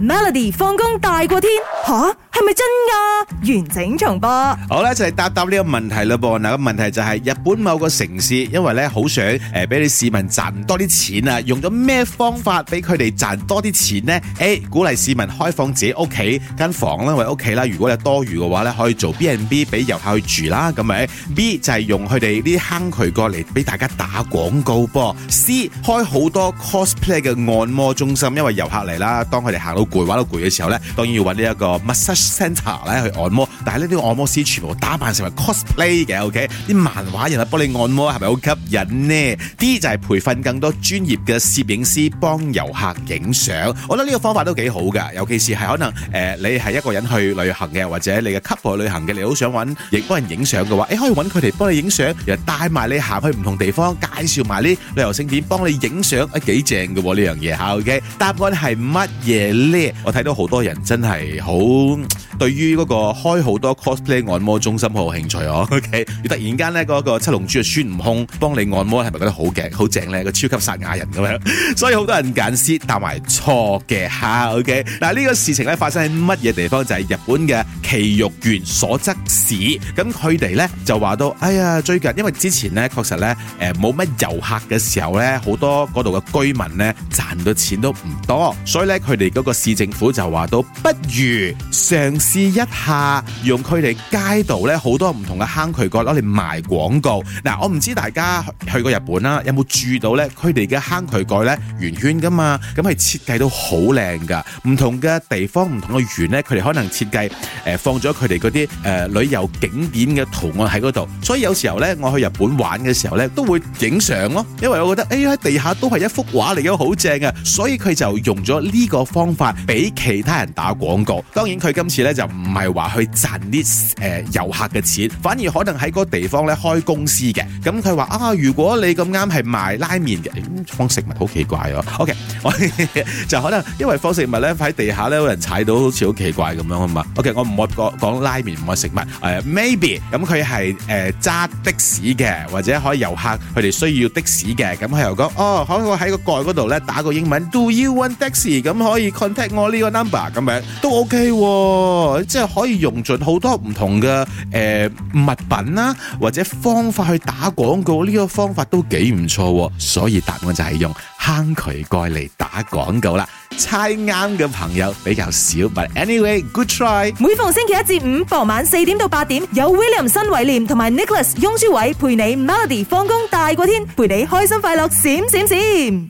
Melody 放工大過天吓，係咪真噶？完整重播好啦，就係答答呢個問題啦噃。嗱，個問題就係日本某個城市，因為咧好想誒俾啲市民賺多啲錢啊，用咗咩方法俾佢哋賺多啲錢呢？誒，鼓勵市民開放自己屋企間房啦，或屋企啦。如果有多餘嘅話咧，可以做 B and B 俾遊客去住啦，咁咪 B 就係用佢哋啲坑渠過嚟俾大家打廣告噃。C 開好多 cosplay 嘅按摩中心，因為遊客嚟啦，當佢哋行到。攰玩到攰嘅時候咧，當然要揾呢一個 massage center 咧去按摩。但係呢啲按摩師全部打扮成為 cosplay 嘅，OK？啲漫畫人嚟幫你按摩，係咪好吸引呢？D 就係培訓更多專業嘅攝影師幫遊客影相。我覺得呢個方法都幾好㗎，尤其是係可能誒你係一個人去旅行嘅，或者你嘅 couple 去旅行嘅，你好想揾亦幫人影相嘅話，誒可以揾佢哋幫你影相，然後帶埋你行去唔同地方，介紹埋啲旅遊景點，幫你影相，誒幾正嘅呢樣嘢嚇。OK？答案係乜嘢呢？我睇到好多人真係好對於個開好多 cosplay 按摩中心好有興趣哦。O K，突然間咧個七龍珠嘅孫悟空幫你按摩係咪覺得好勁好正咧？個超級撒亞人咁樣， 所以好多人揀 C，啊 okay? 但埋錯嘅吓。O K，嗱呢個事情咧發生喺乜嘢地方？就係、是、日本嘅埼玉縣所澤市。咁佢哋咧就話到，哎呀最近因為之前咧確實咧誒冇乜遊客嘅時候咧，好多嗰度嘅居民咧賺到錢都唔多，所以咧佢哋個。政府就話到，不如嘗試一下用佢哋街道咧好多唔同嘅坑渠蓋攞嚟賣廣告。嗱，我唔知大家去過日本啦，有冇住到咧？佢哋嘅坑渠蓋咧圓圈噶嘛，咁係設計到好靚噶。唔同嘅地方，唔同嘅圓呢，佢哋可能設計誒放咗佢哋嗰啲誒旅遊景點嘅圖案喺嗰度。所以有時候呢，我去日本玩嘅時候呢，都會影相咯，因為我覺得誒喺地下都係一幅畫嚟嘅，好正啊！所以佢就用咗呢個方法。俾其他人打廣告，當然佢今次呢就唔係話去賺啲誒遊客嘅錢，反而可能喺嗰個地方呢開公司嘅。咁佢話啊，如果你咁啱係賣拉麵嘅放食物，好、哎、奇怪啊。OK。 就可能因為放食物咧喺地下咧，有人踩到好似好奇怪咁樣啊嘛。OK，我唔係講，講拉麵唔係食物，uh，maybe 咁佢係誒揸的士嘅，或者可以遊客佢哋需要的士嘅，咁、嗯、佢又講哦，可以我喺個蓋嗰度咧打個英文，Do you want taxi？咁、嗯、可以 contact 我呢個 number 咁樣都 OK，即係可以用盡好多唔同嘅誒、呃、物品啦，或者方法去打廣告，呢、這個方法都幾唔錯。所以答案就係用。撐佢過嚟打廣告啦，猜啱嘅朋友比較少，but anyway good try。每逢星期一至五傍晚四點到八點，有 William 新偉廉同埋 Nicholas 雍舒偉陪你 Melody 放工大過天，陪你開心快樂閃閃閃。閃閃閃。